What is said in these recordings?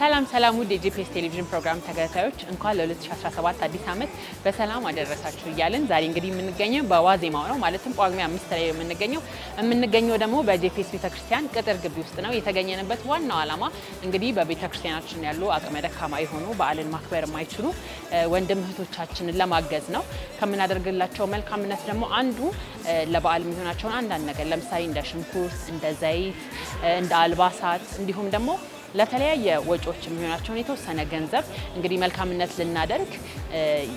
ሰላም ሰላም ውድ የጂፒኤስ ቴሌቪዥን ፕሮግራም ተከታታዮች እንኳን ለ2017 አዲስ ዓመት በሰላም አደረሳችሁ እያለን ዛሬ እንግዲህ የምንገኘው በዋዜማው ነው። ማለትም ጳጉሜ አምስት ላይ የምንገኘው የምንገኘው ደግሞ በጂፒኤስ ቤተክርስቲያን ቅጥር ግቢ ውስጥ ነው። የተገኘንበት ዋናው ዓላማ እንግዲህ በቤተክርስቲያናችን ያሉ አቅመ ደካማ የሆኑ በዓልን ማክበር የማይችሉ ወንድም እህቶቻችንን ለማገዝ ነው። ከምናደርግላቸው መልካምነት ደግሞ አንዱ ለበዓል የሚሆናቸውን አንዳንድ ነገር ለምሳሌ እንደ ሽንኩርት፣ እንደ ዘይት፣ እንደ አልባሳት እንዲሁም ደግሞ ለተለያየ ወጪዎች የሚሆናቸውን የተወሰነ ገንዘብ እንግዲህ መልካምነት ልናደርግ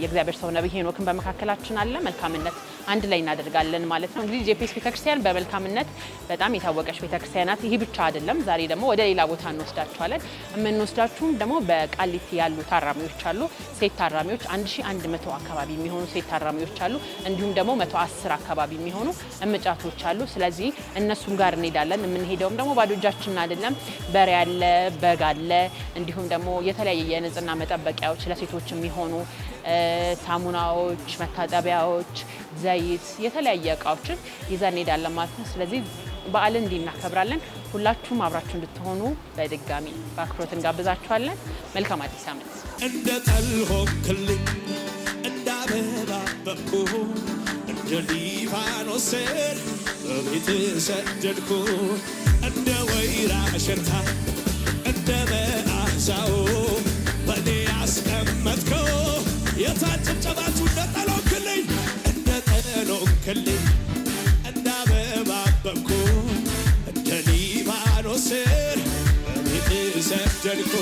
የእግዚአብሔር ሰው ነብይ ሄኖክን በመካከላችን አለ። መልካምነት አንድ ላይ እናደርጋለን ማለት ነው። እንግዲህ ጄፒስ ቤተክርስቲያን በመልካምነት በጣም የታወቀች ቤተክርስቲያን ናት። ይህ ብቻ አይደለም። ዛሬ ደግሞ ወደ ሌላ ቦታ እንወስዳችኋለን። የምንወስዳችሁም ደግሞ በቃሊቲ ያሉ ታራሚዎች አሉ። ሴት ታራሚዎች 1100 አካባቢ የሚሆኑ ሴት ታራሚዎች አሉ። እንዲሁም ደግሞ 110 አካባቢ የሚሆኑ እምጫቶች አሉ። ስለዚህ እነሱም ጋር እንሄዳለን። የምንሄደውም ደግሞ ባዶ እጃችን አይደለም። በር ያለ በግ አለ። እንዲሁም ደግሞ የተለያየ የንጽህና መጠበቂያዎች ለሴቶች የሚሆኑ ሳሙናዎች፣ መታጠቢያዎች፣ ዘይት፣ የተለያየ እቃዎችን ይዘን እንሄዳለን ማለት ነው። ስለዚህ በዓልን እንዲህ እናከብራለን። ሁላችሁም አብራችሁ እንድትሆኑ በድጋሚ በአክብሮት እንጋብዛችኋለን። መልካም አዲስ ዓመት። እንደ ጠልሆንክልኝ እንደ አበባ በኩ እንደ ሊባኖስ በቤት ሰደድኩ እንደ ወይራ ሸርታ ያነሳው በእኔ ያስቀመጥከው የታጨብጨባችሁ እንደ ጠሎንክልኝ እንደ ጠሎንክልኝ እንዳበባበኩ እንደ ሊባኖስን በቤት ሰደድኩ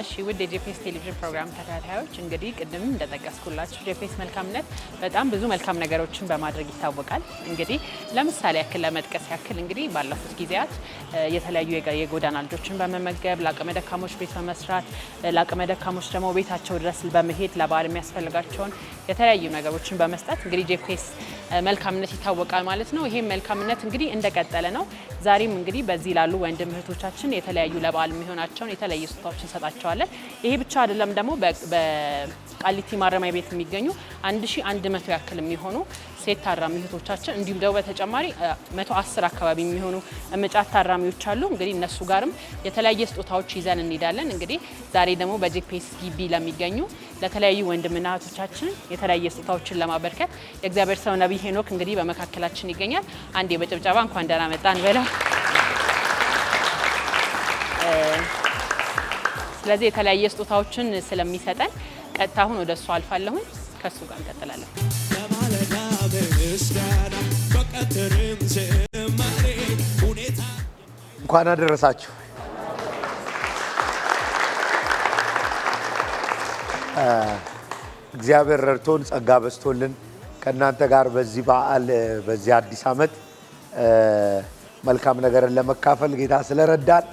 እሺ ውድ የጄፒኤስ ቴሌቪዥን ፕሮግራም ተከታታዮች እንግዲህ ቅድም እንደጠቀስኩላችሁ ጄፒኤስ መልካምነት በጣም ብዙ መልካም ነገሮችን በማድረግ ይታወቃል። እንግዲህ ለምሳሌ ያክል ለመጥቀስ ያክል እንግዲህ ባለፉት ጊዜያት የተለያዩ የጎዳና ልጆችን በመመገብ ለአቅመ ደካሞች ቤት በመስራት ለአቅመ ደካሞች ደግሞ ቤታቸው ድረስ በመሄድ ለበዓል የሚያስፈልጋቸውን የተለያዩ ነገሮችን በመስጠት እንግዲህ ጄፒኤስ መልካምነት ይታወቃል ማለት ነው። ይህም መልካምነት እንግዲህ እንደቀጠለ ነው። ዛሬም እንግዲህ በዚህ ላሉ ወንድም እህቶቻችን የተለያዩ ለበዓል የሚሆናቸውን የተለያዩ ስጦታዎችን ሰጣቸው እናደርሳቸዋለን። ይሄ ብቻ አይደለም ደግሞ በቃሊቲ ማረሚያ ቤት የሚገኙ 1100 ያክል የሚሆኑ ሴት ታራሚ እህቶቻችን እንዲሁም ደግሞ በተጨማሪ 110 አካባቢ የሚሆኑ እምጫት ታራሚዎች አሉ። እንግዲህ እነሱ ጋርም የተለያየ ስጦታዎች ይዘን እንሄዳለን። እንግዲህ ዛሬ ደግሞ በጄፒኤስ ግቢ ለሚገኙ ለተለያዩ ወንድምና እህቶቻችን የተለያየ ስጦታዎችን ለማበርከት የእግዚአብሔር ሰው ነቢይ ሄኖክ እንግዲህ በመካከላችን ይገኛል። አንዴ በጭብጨባ እንኳን ደህና መጣን በለው። ስለዚህ የተለያየ ስጦታዎችን ስለሚሰጠን ቀጥታ አሁን ወደ እሱ አልፋለሁኝ። ከእሱ ጋር እንቀጥላለን። እንኳን አደረሳችሁ። እግዚአብሔር ረድቶን ጸጋ በዝቶልን ከእናንተ ጋር በዚህ በዓል በዚህ አዲስ ዓመት መልካም ነገርን ለመካፈል ጌታ ስለረዳን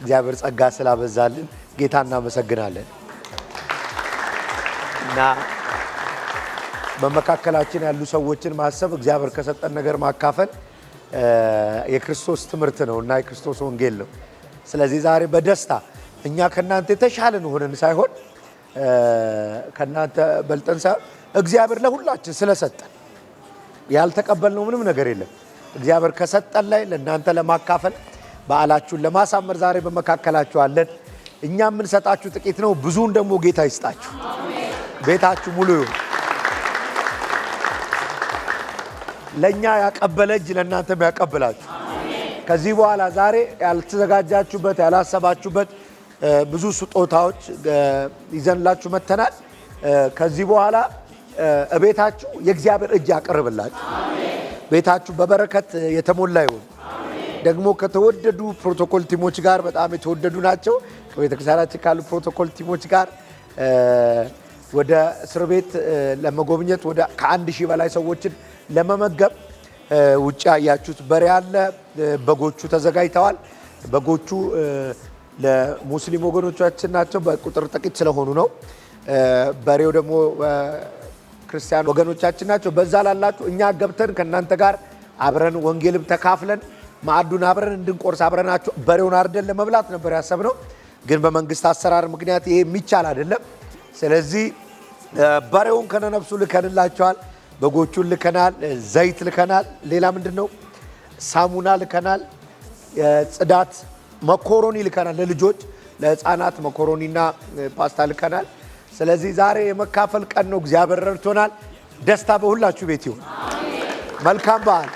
እግዚአብሔር ጸጋ ስላበዛልን ጌታ እናመሰግናለን እና በመካከላችን ያሉ ሰዎችን ማሰብ እግዚአብሔር ከሰጠን ነገር ማካፈል የክርስቶስ ትምህርት ነው እና የክርስቶስ ወንጌል ነው። ስለዚህ ዛሬ በደስታ እኛ ከእናንተ የተሻለን ሆነን ሳይሆን ከእናንተ በልጠን ሳይሆን እግዚአብሔር ለሁላችን ስለሰጠን ያልተቀበልነው ምንም ነገር የለም። እግዚአብሔር ከሰጠን ላይ ለእናንተ ለማካፈል በዓላችሁን ለማሳመር ዛሬ በመካከላችሁ አለን። እኛ የምንሰጣችሁ ጥቂት ነው፣ ብዙውን ደግሞ ጌታ ይስጣችሁ። ቤታችሁ ሙሉ ይሁን። ለእኛ ያቀበለ እጅ ለእናንተም ያቀብላችሁ። ከዚህ በኋላ ዛሬ ያልተዘጋጃችሁበት ያላሰባችሁበት ብዙ ስጦታዎች ይዘንላችሁ መተናል። ከዚህ በኋላ እቤታችሁ የእግዚአብሔር እጅ ያቀርብላችሁ። ቤታችሁ በበረከት የተሞላ ይሁን። ደግሞ ከተወደዱ ፕሮቶኮል ቲሞች ጋር በጣም የተወደዱ ናቸው። ከቤተክርስቲያናችን ካሉ ፕሮቶኮል ቲሞች ጋር ወደ እስር ቤት ለመጎብኘት ወደ ከአንድ ሺህ በላይ ሰዎችን ለመመገብ ውጭ ያያችሁት በሬ አለ። በጎቹ ተዘጋጅተዋል። በጎቹ ለሙስሊም ወገኖቻችን ናቸው። በቁጥር ጥቂት ስለሆኑ ነው። በሬው ደግሞ ክርስቲያን ወገኖቻችን ናቸው። በዛ ላላችሁ እኛ ገብተን ከእናንተ ጋር አብረን ወንጌልም ተካፍለን ማዕዱን አብረን እንድንቆርስ አብረናቸው በሬውን አርደን ለመብላት ነበር ያሰብነው፣ ግን በመንግስት አሰራር ምክንያት ይሄ የሚቻል አይደለም። ስለዚህ በሬውን ከነነፍሱ ልከንላቸዋል። በጎቹን ልከናል፣ ዘይት ልከናል። ሌላ ምንድን ነው? ሳሙና ልከናል፣ ጽዳት መኮሮኒ ልከናል። ለልጆች ለህፃናት መኮሮኒና ፓስታ ልከናል። ስለዚህ ዛሬ የመካፈል ቀን ነው። እግዚአብሔር ረድቶናል። ደስታ በሁላችሁ ቤት ይሁን። መልካም በዓል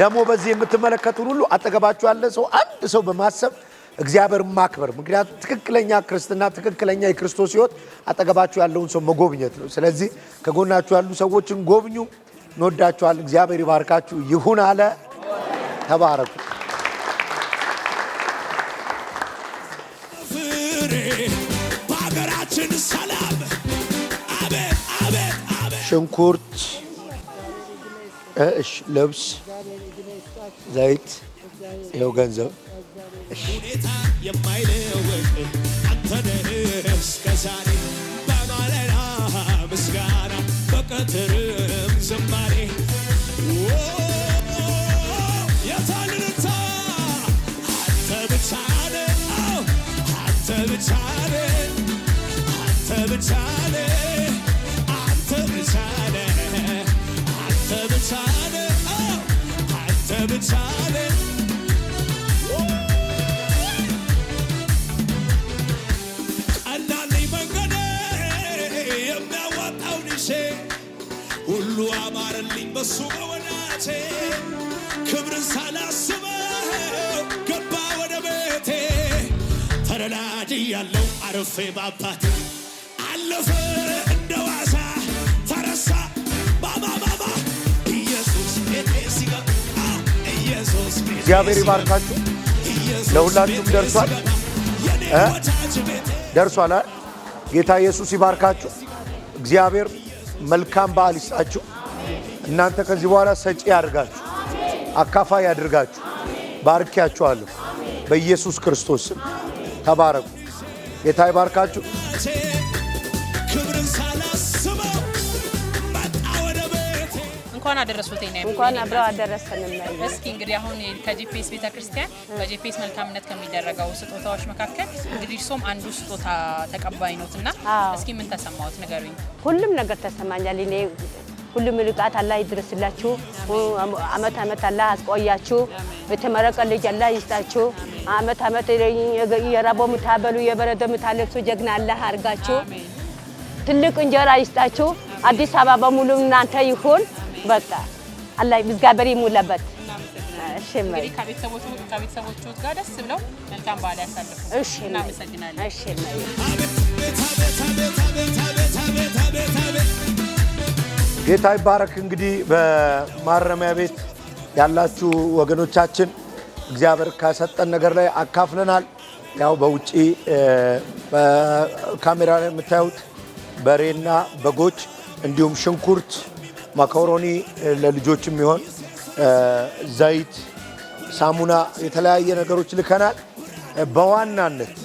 ደግሞ በዚህ የምትመለከቱን ሁሉ አጠገባችሁ ያለ ሰው አንድ ሰው በማሰብ እግዚአብሔር ማክበር። ምክንያቱም ትክክለኛ ክርስትና ትክክለኛ የክርስቶስ ሕይወት አጠገባችሁ ያለውን ሰው መጎብኘት ነው። ስለዚህ ከጎናችሁ ያሉ ሰዎችን ጎብኙ። እንወዳችኋል። እግዚአብሔር ይባርካችሁ። ይሁን አለ። ተባረኩ። ሽንኩርት እሺ፣ ልብስ፣ ዘይት፣ ይኸው ገንዘብ ሁኔታ የማይለወጥ አንተነህ እስከ ዛሬ በማለዳ ምስጋና በቀትር በሱ በወዳቴ ክብርን ሳላስበው ገባ ወደ ቤቴ ተረዳድ ያለው አረፌ ባባት አለፈ እንደ ተረሳ ባባባባ ኢየሱስ ቤቴ ኢየሱስ እግዚአብሔር ይባርካችሁ። ለሁላችሁም ደርሷል ደርሷል። ጌታ ኢየሱስ ይባርካችሁ። እግዚአብሔር መልካም በዓል ይስጣችሁ። እናንተ ከዚህ በኋላ ሰጪ ያድርጋችሁ፣ አካፋይ ያድርጋችሁ። ባርኪያችኋለሁ በኢየሱስ ክርስቶስ ስም ተባረኩ። ጌታ ይባርካችሁ። እንኳን አደረሱት። እንኳን አብረው አደረሰን። እስኪ እንግዲህ አሁን ከጂፒኤስ ቤተ ክርስቲያን በጂፒኤስ መልካምነት ከሚደረገው ስጦታዎች መካከል እንግዲህ እርሶም አንዱ ስጦታ ተቀባይ ኖት እና እስኪ ምን ተሰማዎት ንገሩኝ። ሁሉም ነገር ተሰማኛል እኔ ሁሉም ልቃት አላህ ይድረስላችሁ። አመት አመት አላህ አስቆያችሁ። የተመረቀ ልጅ አላህ ይስጣችሁ። አመት አመት የራቦ ምታበሉ የበረዶ ምታለብሱ ጀግና አላህ አርጋችሁ ትልቅ እንጀራ ይስጣችሁ። አዲስ አበባ በሙሉ እናንተ ይሁን። በቃ አላህ እግዚአብሔር ይሙላበት። ከቤተሰቦቹ ጋር ደስ ብለው መልካም በዓል ያሳልፉ። እናመሰግናለን። ጌታ ይባረክ። እንግዲህ በማረሚያ ቤት ያላችሁ ወገኖቻችን እግዚአብሔር ከሰጠን ነገር ላይ አካፍለናል። ያው በውጪ በካሜራ ላይ የምታዩት በሬና በጎች እንዲሁም ሽንኩርት፣ ማካሮኒ ለልጆች የሚሆን ዘይት፣ ሳሙና፣ የተለያየ ነገሮች ልከናል። በዋናነት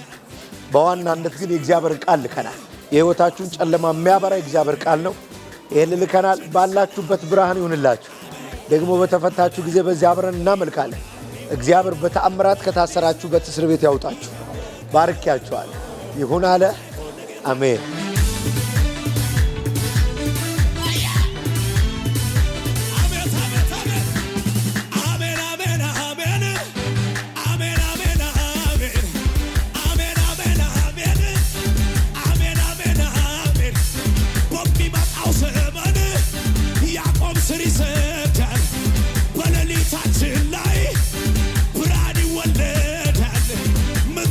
በዋናነት ግን የእግዚአብሔር ቃል ልከናል። የህይወታችሁን ጨለማ የሚያበራ የእግዚአብሔር ቃል ነው። ይህን ልከናል። ባላችሁበት ብርሃን ይሁንላችሁ። ደግሞ በተፈታችሁ ጊዜ በዚህ አብረን እናመልካለን። እግዚአብሔር በተአምራት ከታሰራችሁበት እስር ቤት ያውጣችሁ። ባርኪያችኋል። ይሁን አለ። አሜን።